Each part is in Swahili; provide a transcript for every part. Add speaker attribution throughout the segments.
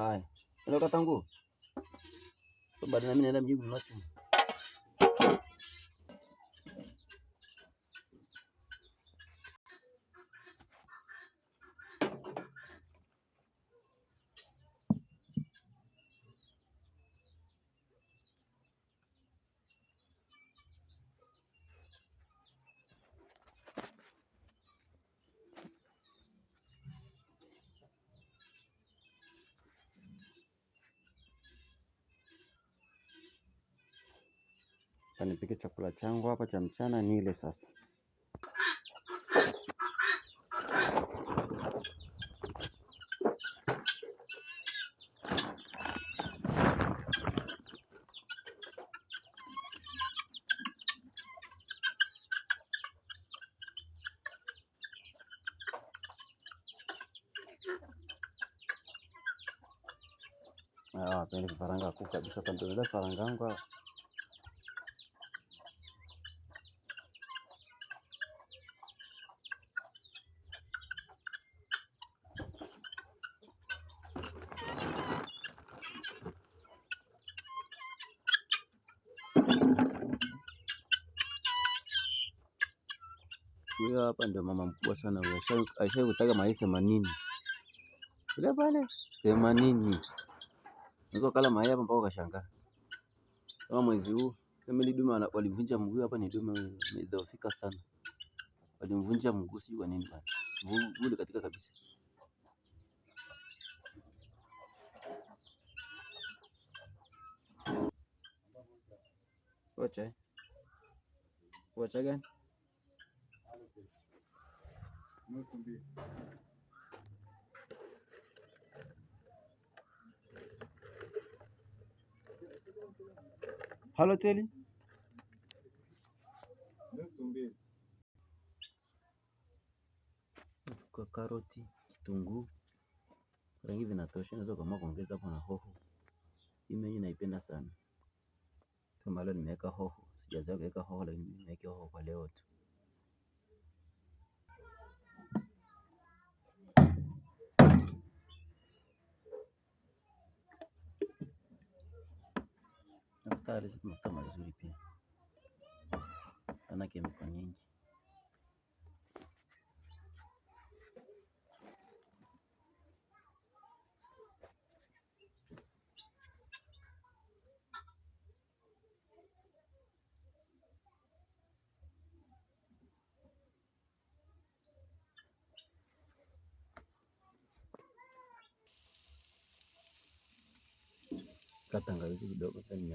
Speaker 1: Haya, ndio katangu. Baada na mimi naenda mjini mnacho. Nipike chakula changu hapa cha mchana nile sasa. Ah, Apendi vifaranga kuku kabisa, hapa ndio faranga wangu hapa. huyo hapa ndio mama mkubwa sana huyo, aisha kutaka mayai themanini ule pale themanini unaweza kala mayai hapa mpaka ukashangaa. Kama mwezi huu sema ile dume walivunja mguu hapa, ni dume imedhoofika sana, walimvunja mguu si kwa nini bana, mguu ule katika kabisa. Wacha wacha gani? nusu mbili Halo Teli, nusu mbili kwa karoti, kitunguu rangi vinatosha, naweza kama kuongeza na hoho. Hii naipenda sana, ndio maana nimeweka hoho, sijaweza kuweka hoho, lakini nimeweka hoho kwa leo tu. Mandhari yanakaa mazuri pia, maanake mko nyingi. Katangawizi kidogo kali.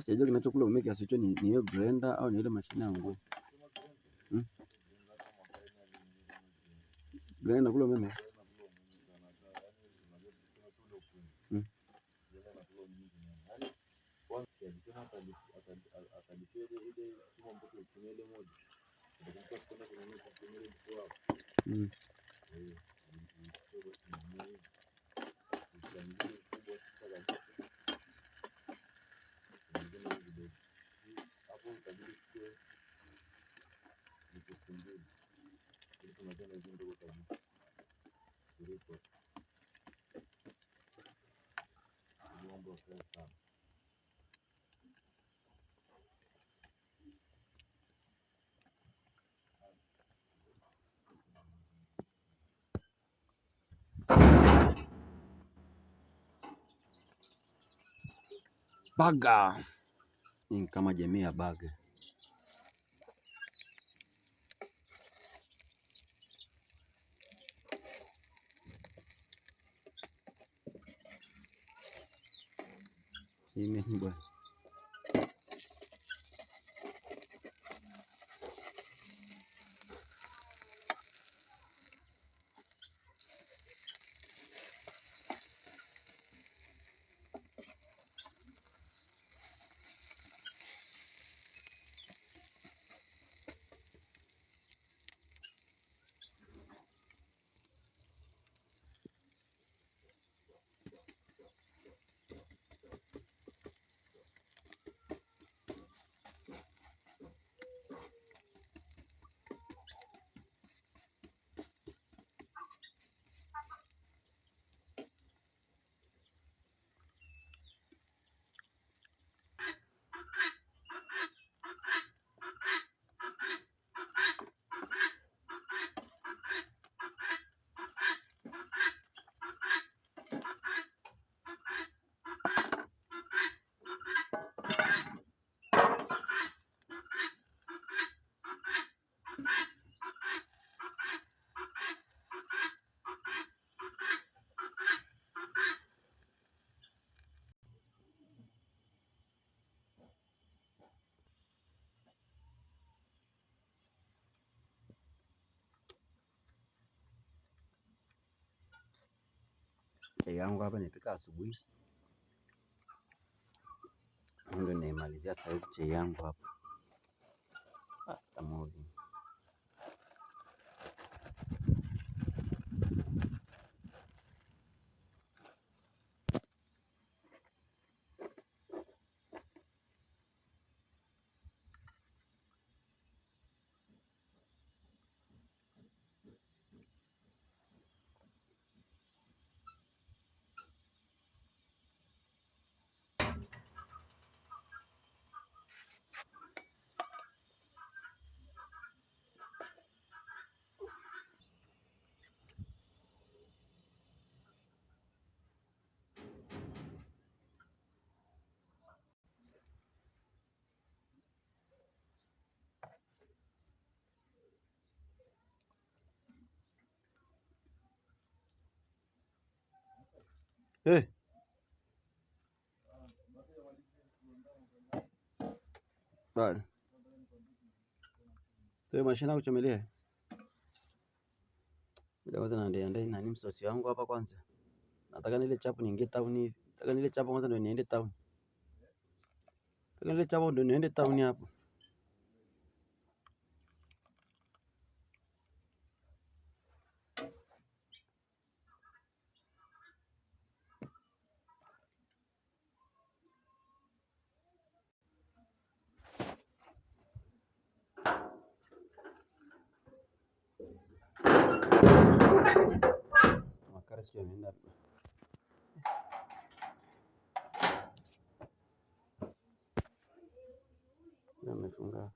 Speaker 1: Sasa sijajua kinachokula umeme kiasi hicho ni hiyo grinder au ni ile mashine ya nguo. Grinder hmm? kula umeme. hizi ndogo kabisa kuliko Baga ni kama jamii ya baga. ધીમે બોલ chai yangu hapa nipika asubuhi, ndio naimalizia saizi chai yangu hapa. Basi tamodi. Hey. Eh. Bale. Toe mashina kuchomelea. Bila kwanza naende ende nani msosi wangu hapa kwanza. Nataka nile chapu niingie town hivi. Nataka nile chapu kwanza ndio niende town. Nataka nile chapu ndio niende town hapo. Sevinler. Nimefunga.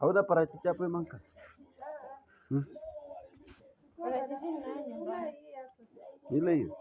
Speaker 1: Hauda parachichi hapo Manka? Hmm? Parachichi ni nani? Ile hiyo.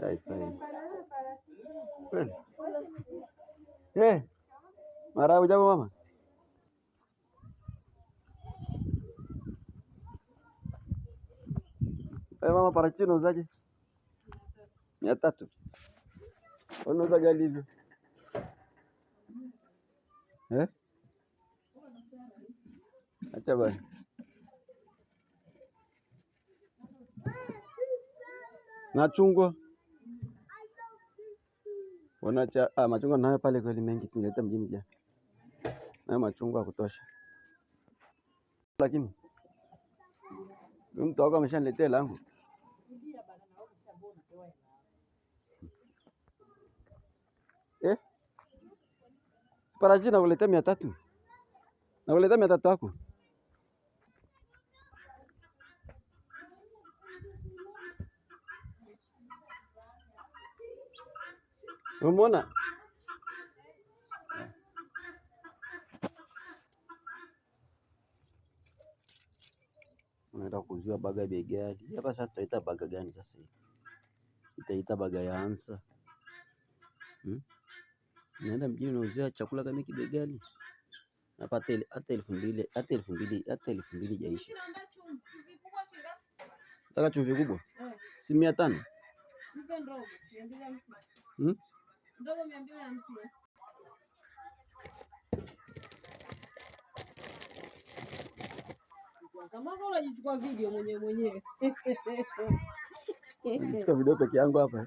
Speaker 1: Sai sai. Kweli. Eh. Mara ujambo mama? Eh, mama parachichi unauzaje? Mia tatu. Unauza oh, gali hivyo? হ্যাঁ আচ্ছা ভাই machungwa wanacha ah, machungwa nayo pale kweli mengi, tunaleta mjini jana nayo machungwa ya kutosha, lakini mtu wako ameshaniletea langu Parachichi nakuletea mia tatu. Nakuletea mia tatu yako. Umeona? Unaenda kuzia baga bei gani? Hapa sasa tutaita baga gani sasa Itaita baga ya ansa. Hmm? naenda mjini nauzia chakula kama hiki bei gani? Napata hata elfu mbili hata elfu mbili hata elfu mbili jaishi. Nataka chumvi kubwa si mia tano hmm? video peke yangu hapa.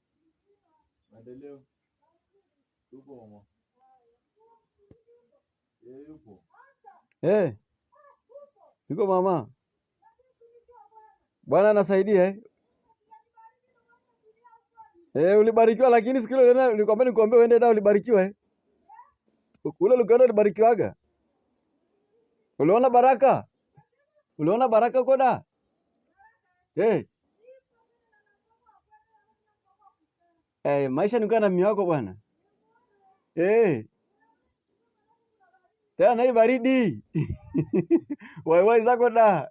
Speaker 1: Maendeleo yupo mama ye, yupo eh, yuko mama. Bwana anasaidia eh? Eh, ulibarikiwa lakini siku ile nilikwambia nikuambia uende dawa ulibarikiwa eh? Ule ukaenda ulibarikiwaga? Uliona baraka? Uliona baraka koda? Eh. Eh, maisha ni na mimi wako bwana. Eh. Tena hii baridi. Wai wai zako da.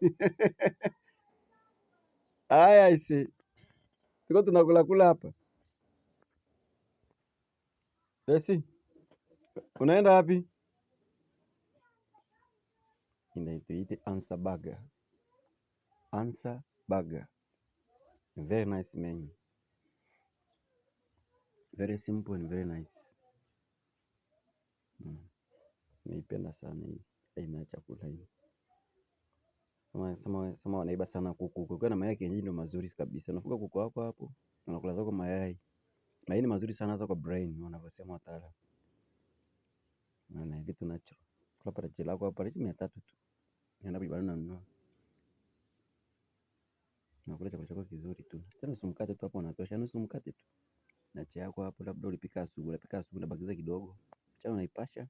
Speaker 1: Aya isi. Tuko tunakula kula hapa. Basi. Unaenda wapi? Inaitwa Ansa Burger. Ansa Burger. Very nice menu very simple and very nice. Hmm. Naipenda sana hii aina ya chakula hii. Sema wanaiba sana kuku, ukiwa na mayai kienyeji ndio mazuri kabisa. Unafuga kuku wako hapo, unakula zako mayai. Mayai ni mazuri sana hasa kwa brain, wanavyosema wataalamu. Na Maana vitu natural. Kula parachichi lako hapo, parachichi mia tatu tu. Naenda kwenye barani nanunua. Unakula chakula chako kizuri tu. Tena nusu tu hapo unatosha, nusu mkate tu na chai yako hapo, labda ulipika asubuhi, unapika asubuhi unabakiza kidogo, mchana unaipasha,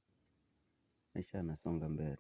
Speaker 1: maisha yanasonga mbele.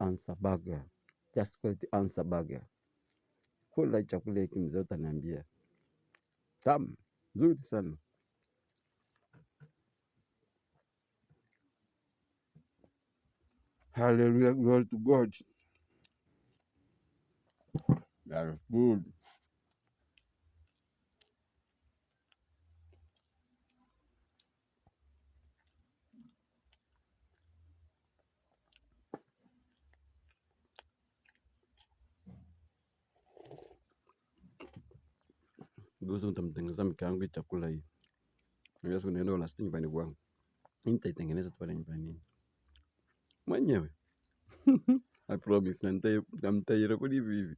Speaker 1: answer burger. Just call it answer burger. Kula chakula hiki mzee, utaniambia tam nzuri sana. Hallelujah, glory to God. That is good. Gozo nitamtengenezea mke wangu chakula hii. Unajua siku naenda unasita nyumbani kwangu. Mimi nitaitengeneza tu pale nyumbani. Mwenyewe. I promise na nitairekodi hivi hivi.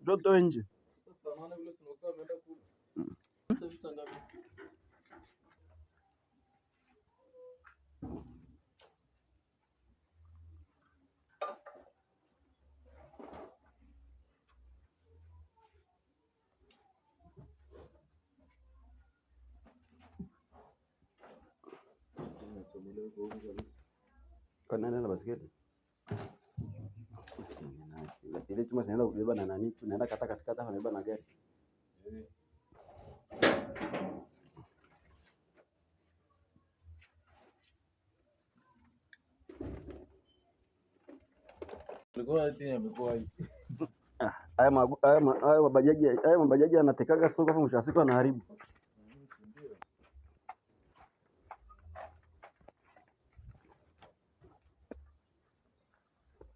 Speaker 1: Ndoto nje. Sasa maana vile tunakuwa tumeenda kule. Hmm. Sasa saa ngapi? Kanaenda na ile chuma zinaenda kubeba na nani, tunaenda kata katikati, hapa nabeba na gari ah, haya mabajaji yanatekaga soko, mwisho wa siku anaharibu.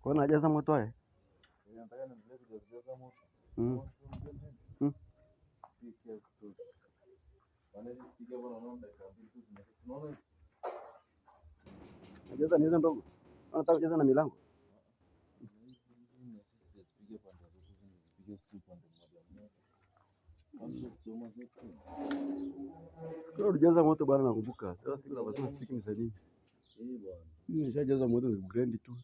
Speaker 1: Kwa hiyo najaza moto haya yaani mm. mm. najaza ni hizo ndogo, nataka kujaza na milango mm. ulijaza moto bwana, nakumbuka. Sasa siku msanii. Eh, Nishajaza moto ni brand tu.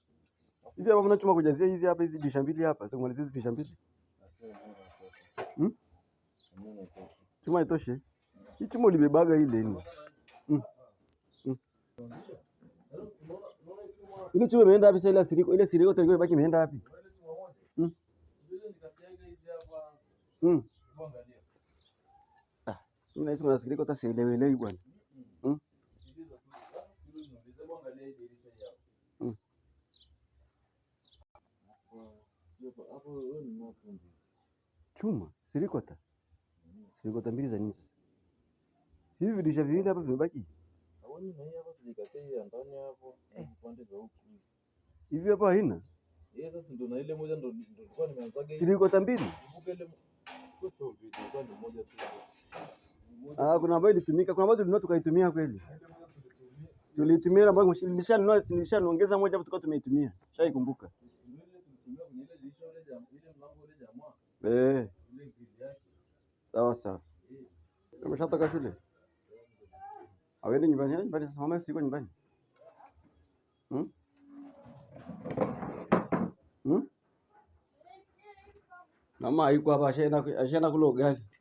Speaker 1: Hivi hapa mnachuma kujazia hizi hapa hizi bisha mbili hapa. Sasa malizie hizi bisha mbili. Hmm? Chuma itoshe. Hii chuma ulibebaga ile ni. Hmm. Hmm. Ile chuma imeenda wapi sasa ile siriko? Ile siriko tulikuwa imebaki imeenda wapi? Hmm. Hmm. Ah, mimi naishi kuna siriko hata bwana. Chuma sirikota sirikota mbili za nini sasa? Si hivi dirisha viwili hapa vimebaki eh. hivi hapa haina silikota mbili. Ah, kuna ambayo ilitumika, kuna ambayo tulinunua tukaitumia kweli. Tulitumia ambayo nilishanunua, nilishaongeza moja hapo, tukawa tumeitumia. Shaikumbuka. Eh, sawa sawa. Umeshatoka shule? Awendi nyumbani, nyumbani sasa, mama siko nyumbani. Hmm? Hmm? Mama hayuko hapa, ashaenda ashaenda kula ugali.